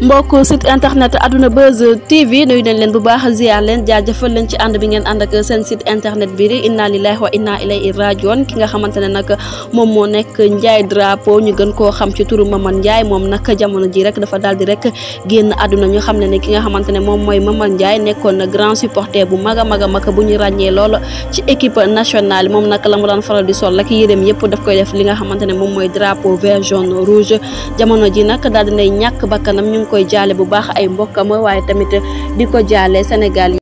mbokk site internet Adouna Buzz TV nuyu nañ leen bu baax ziar leen jaajëfal leen ci ànd bi ngeen ànd ak seen site internet bi di inna lillahi wa inna ilayhi rajiun ki nga xamante ne nag moom moo nekk Ndiaye Drapeau ñu gën koo xam ci turu Maman Ndiaye moom nag jamono ji rek dafa daal di rek génn àdduna ñu xam ne ne ki nga xamante ne moom mooy Maman Ndiaye nekkoon na grand supporter bu mag a mag a mag bu ñu ràññee lool ci équipe nationale moom nag la mu daan faral di sol ak yéreem yëpp daf koy def li nga xamante ne moom mooy drapeau vert jaune rouge jamono ji nag daal dinay ñàkk bakkanam ñu koy jaale bu baax ay mbokkam waaye tamit di ko jaale Sénégal yi